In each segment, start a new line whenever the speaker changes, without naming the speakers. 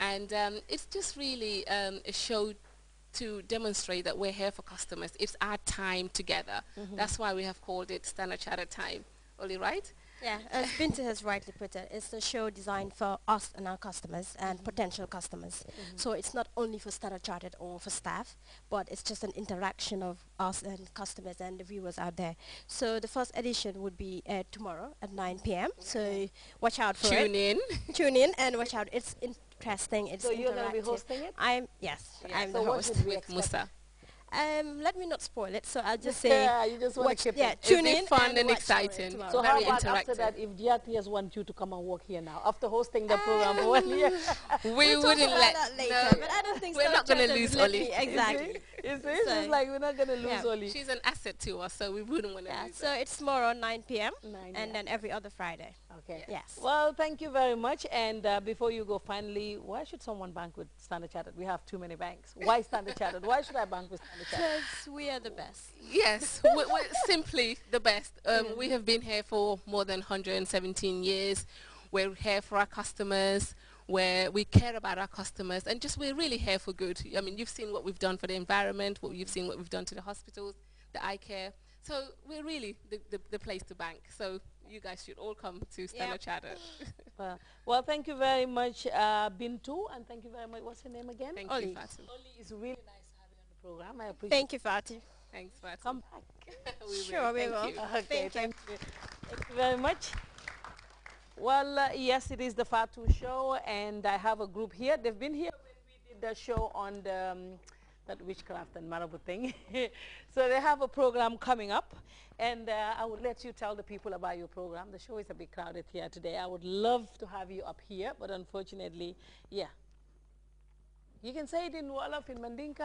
And um, it's just really um, a show to demonstrate that we're here for customers. It's our time together. Mm -hmm. That's why we have called it Standard Chartered Time. Only
right? Yeah, uh, as Binta has rightly put it, it's a show designed for us and our customers and mm -hmm. potential customers. Mm -hmm. So it's not only for Standard Chartered or for staff, but it's just an interaction of us and customers and the viewers out there. So the first edition would be uh, tomorrow at 9 p.m. So watch out for Tune it. Tune in. Tune in and watch out. It's in it's so you're going to be hosting it? I'm yes, yeah. I'm so the host with Musa. Um, let me not spoil it, so I'll just say. Yeah, you just want to keep yeah, it. Tune in fun and, and exciting. So Very how about interactive. after that,
if DRTS want you to come and work here now, after hosting the um, program one year? We we wouldn't let. That later, no. but I don't think we're so not going to lose Oli. Exactly. It's so, like we're not going to lose yeah. Oli. She's an asset to us, so we wouldn't want to yeah, lose So her. it's tomorrow 9 p.m. 9 and
then every other Friday. Okay. Yes.
Well, thank you very much. And uh, before you go, finally, why should someone bank with Standard Chartered? We have too many banks. Why Standard Chartered? Why should I bank with Standard
because we are the best.
Yes, we're, we're simply the best. Um, We have been here for more than 117 years. We're here for our customers where we care about our customers and just we're really here for good. I mean, you've seen what we've done for the environment, what you've seen what we've done to the hospitals, the eye care. So we're really the, the, the place to bank. So you guys should all come to Stella yep. Chatter. well, well, thank you very much, uh, Bintu, and thank you very much. What's her name again? Thank Oli. you, Fatou. Oli is really nice program.
I appreciate Thank you, Fati.
Thanks, Fati. Come back. we sure, we will. You. Okay, thank, thank you. you. Thank you very much. Well, uh, yes, it is the Fatu show, and I have a group here. They've been here when we did the show on the, um, that witchcraft and marabu thing. so they have a program coming up, and uh, I would let you tell the people about your program. The show is a bit crowded here today. I would love to have you up here, but unfortunately, yeah. You can say it in Wolof, in Mandinka,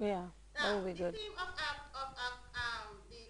Yeah, that would be good. The theme of, our, of our, um, the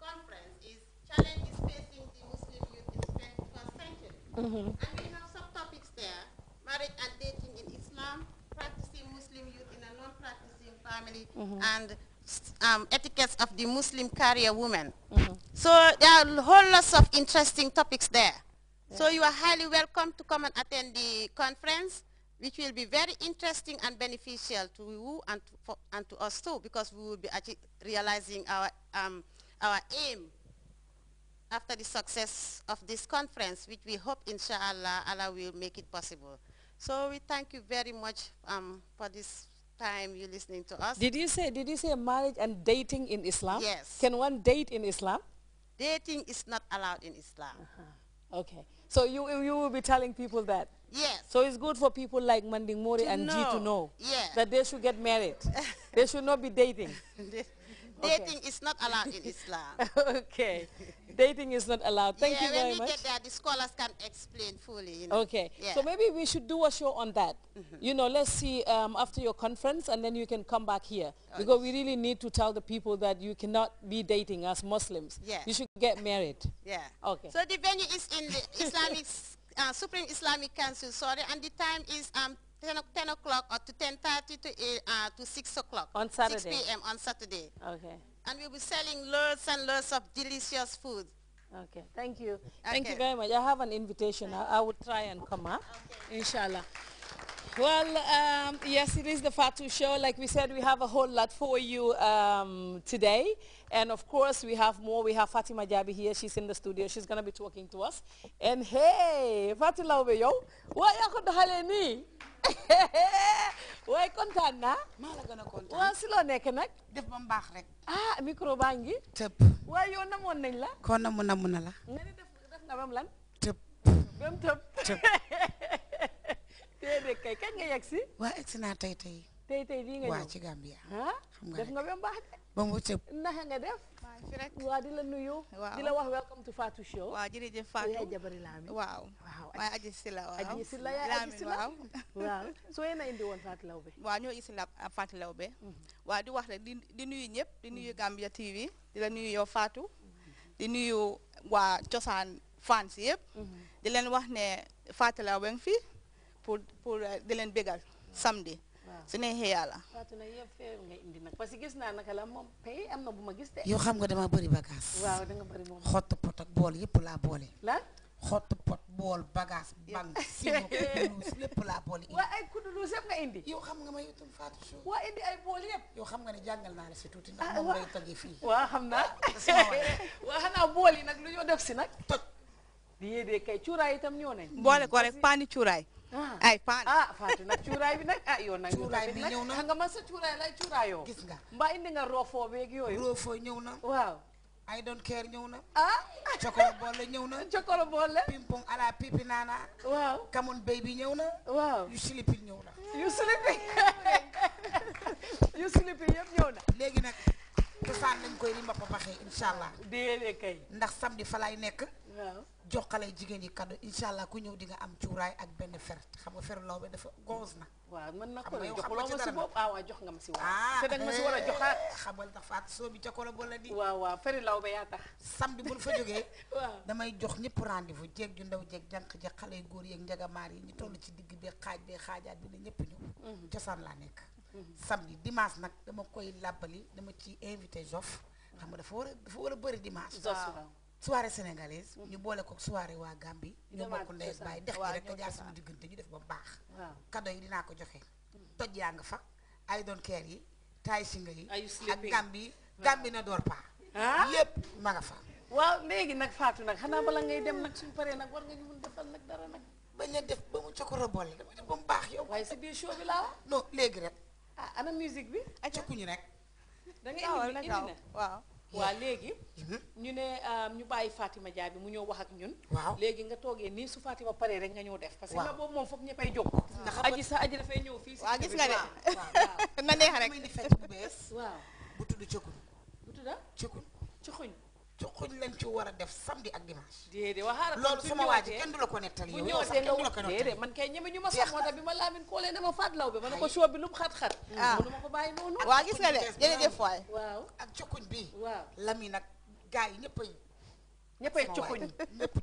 conference is challenges facing the Muslim youth in the 21st century. Mm -hmm. And we have subtopics there, marriage and dating in Islam, practicing Muslim youth in a non-practicing family, mm -hmm. and um, etiquettes of the Muslim career woman. Mm -hmm. So there are whole lots of interesting topics there. Yeah. So you are highly welcome to come and attend the conference which will be very interesting and beneficial to you and to, for, and to us too, because we will be realizing our, um, our aim after the success of this conference, which we hope, inshallah, Allah will make it possible. So we thank you very much um, for this time you listening to us. Did you
say, did you say marriage and dating in Islam? Yes. Can one date in Islam?
Dating is not allowed in Islam. Uh -huh.
Okay. So you you will be telling people that? Yes. So it's good for people like Manding Mori and know. G to know that they should get married. they should not be dating.
Dating okay. is not allowed in Islam.
okay. Dating is not allowed. Thank yeah, you very much. when we get
there, the scholars can explain fully. You know? Okay. Yeah. So maybe
we should do a show on that. Mm -hmm. You know, let's see um, after your conference, and then you can come back here. Okay. Oh, because we really need to tell the people that you cannot be dating as Muslims. Yeah. You should get married.
yeah. Okay. So the venue is in the Islamic, uh, Supreme Islamic Council, sorry, and the time is um, 10, 10 o'clock or to 10.30 to, eh, uh, to 6 o'clock. On Saturday? 6 p.m. on Saturday. Okay. And we'll be selling loads and loads of delicious food. Okay, thank you. Okay. Thank
you very much. I have an invitation. I, I will try and come, huh? Okay. Inshallah. Well, um, yes, it is the Fatu Show. Like we said, we have a whole lot for you um, today. And of course, we have more. We have Fatima Jabi here. She's in the studio. She's going to be talking to us. And hey, Fatima Obeyo, why are you haleni? Why content na? Mala gonna content. Wa silo nek nak? Def bam bax rek. Ah, micro bangi? Tepp. Wa yo namon nañ la? Ko namon namon la. Nga def def nga bam lan? Tepp. Bam tepp. Tepp. déedéet kay kañ nga yegg
si. waa egg si naa
waa ci Gambia. xam nga
waaw fi aji si waaw soo yéen a indi woon Fatou Laobé. waaw uh, mm-hmm. waa di wax rek di nuyu ñëpp di nuyu mm-hmm. Gambia TV di la nuyu yow faatu di nuyu waa cosaan fans yëpp. Mm-hmm. di leen wax ne Fatou Laobé ngi fi. pour pour euh, di leen bégal samedi
su neexee yàlla Fatou na yëpp feew nga indi nag parce que gis naa naka la moom pay am na bu ma gis de yow xam nga dama bëri bagage waaw danga bëri
pot ak bool yëpp laa boole la xott pot bool bagage bang sino lépp laa boole indi ay ma itam Fatou Sow
waa bool yëpp
yow xam nga ne jàngal naa la si tuuti ndax ah, moom ngay toggee fii
waa xam na waa xanaa bool yi nag lu ñoo def si nag toj di kay cuuraay itam ñëw nañ boole ko rek paani cuuraay
ay Fane ah, ah
Fatou cuuraay bi nag ah yow nag cuuraay bi ñëw na nga man sa cuuraay lay cuuraayoo gis nga mbaa indi nga roofoo beeg yooyu roofoo
ñëw na waaw I don't care ñëw na ah boole ñëw na cokolo boole pipi naana waaw kamoon baby ñëw na waaw yu silipil ñëw na yu silipil yu silipil yëpp ñëw na léegi nag cosaan lañ koy limba papaxee incha allah déedéet kay ndax samedi fa lay nekk jox xale jigéen ñi cadeau incha allah ku ñëw di nga am cuuraay ak benn fer xam nga fer loobe dafa goos na. waaw mën na ko jox loo ma si bopp ah waaw jox nga ma si waaw ah, te danga ma si war a eh, joxaat xamal tax faat soo bi ca Colobane la di. waaw waaw feri lawbe yaa tax. samedi bu ñu fa jógee. waaw damay jox ñëpp rendez-vous jéeg ju ndaw jéeg jànq jeeg xale yu góor yeeg njagamaar yi ñu toll ci digg bee xaaj bee xaajaat bi ne ñëpp ñu. Mhm. cosaan laa nekk. Mhm. samedi dimanche nag dama koy làbbali dama ci invité Zof. xam nga dafa war a dafa war a bëri dimanche. soirée sénégalaise. ñu boole ko soirée waa Gambie. ñu bokk ndey ak baay dex gi rek ko jaar suñu diggante ñu def ba baax. kado yi dinaa ko joxe. toj yaa fa ay doon keer yi taay singa yi. ak Gambie Gambie na door paa. Ah? lépp ma nga fa. waaw léegi nag Fatou nag xanaa bala ngay dem nag suñu paree nag war nga ñu mun defal nag dara nag. ba la def ba mu cokoro boole dama def ba mu baax yow. waaye si biir show bi laa wax. non léegi rek. ah ana musique bi. acca ku ñu rek.
da nga indi waaw. waa léegi mhm. ñu ne euh, ñu bàyyi Fatima Jaay bi mu ñëw wax ak ñun waaw léegi nga toogee nii su Fatima paree rek nga ñëw def parce que nga boobu moom foog ñëppay jóg ndax aji sa aji dafay ñëw fii si waaw gis nga de na neex rek bu bees waaw bu tudd cëkkul
bu tudda cëkkul lañ ci war a def samedi ak dimanche. déedéet waxaara loolu sama waa ji kenn
ma sax moo tax bi ma laamin koolee dama faat law bi bi lu mu xat-xat. ah mënu ma ko bàyyi noonu. a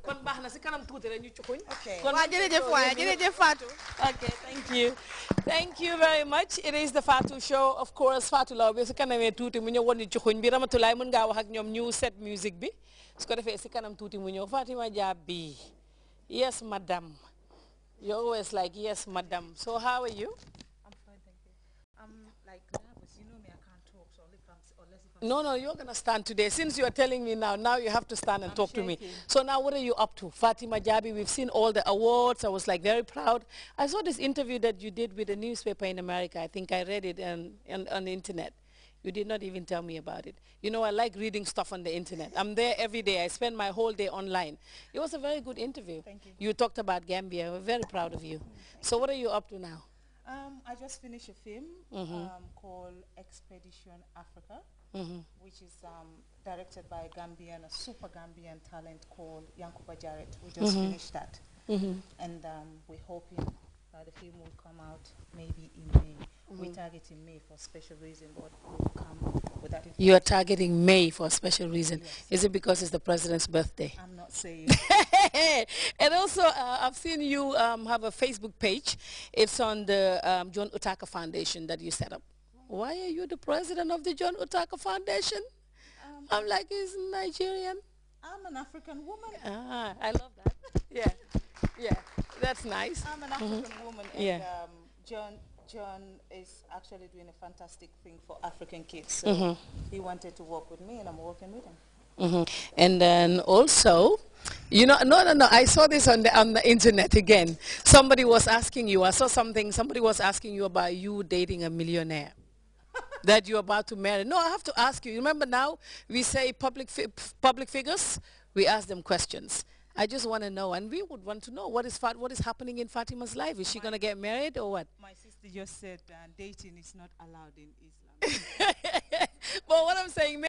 kon baax na si kanam tuuti rek ñu cukuñ kon waa jërëjëf waaye jërëjëf Fatou okay thank you thank you very much it is the Fatou show of course Fatou Laobé su kanamee tuuti mu ñëw woon ñu bi Ramatulaay mën ngaa wax ak ñoom ñu set music bi ko defee si kanam tuuti mu ñëw Fatima yes madam you always like yes madam so how are you.
I'm fine thank you. I'm like nervous you know me I can't talk so if I'm unless
if I'm. No no you're gonna stand today since you're telling me now now you have to stand and I'm talk shaking. to me. So now what are you up to Fatima Jabi we've seen all the awards I was like very proud I saw this interview that you did with a newspaper in America I think I read it on on, on the internet. You did not even tell me about it. You know, I like reading stuff on the internet. I'm there every day. I spend my whole day online. It was a very good interview. Thank you. You talked about Gambia. We're very proud of you. Mm, thank so what are you up to now?
Um,
I just finished a film mm -hmm. um, called Expedition Africa, mm -hmm. which is um, directed by a Gambian, a super Gambian talent called Yankuba Jarrett. We just mm -hmm. finished that. Mm-hmm. And um, we're hoping that the film will come out maybe in May. Mm. We May for special reason, but we come with that You are
targeting May for a special reason. Yes. Is it because it's the president's birthday? I'm not saying. and also, uh, I've seen you um, have a Facebook page. It's on the um, John Utaka Foundation that you set up. Why are you the president of the John Utaka Foundation? Um, I'm like, he's Nigerian.
I'm an African woman. Ah, I love that.
yeah, yeah, that's nice. I'm an mm-hmm. African mm -hmm. woman. And, yeah.
Um, John
John is actually doing a fantastic thing for African kids. So mm -hmm. He wanted to work with me, and I'm working with him.
Mm -hmm. And then also, you know, no, no, no. I saw this on the on the internet again. Somebody was asking you. I saw something. Somebody was asking you about you dating a millionaire that you're about to marry. No, I have to ask you. Remember now, we say public fi public figures. We ask them questions. I just want to know, and we would want to know what is Fat, what is happening in Fatima's life. Is she going to get married or what? My sister
just said uh, dating is not allowed in Islam.
but what I'm saying.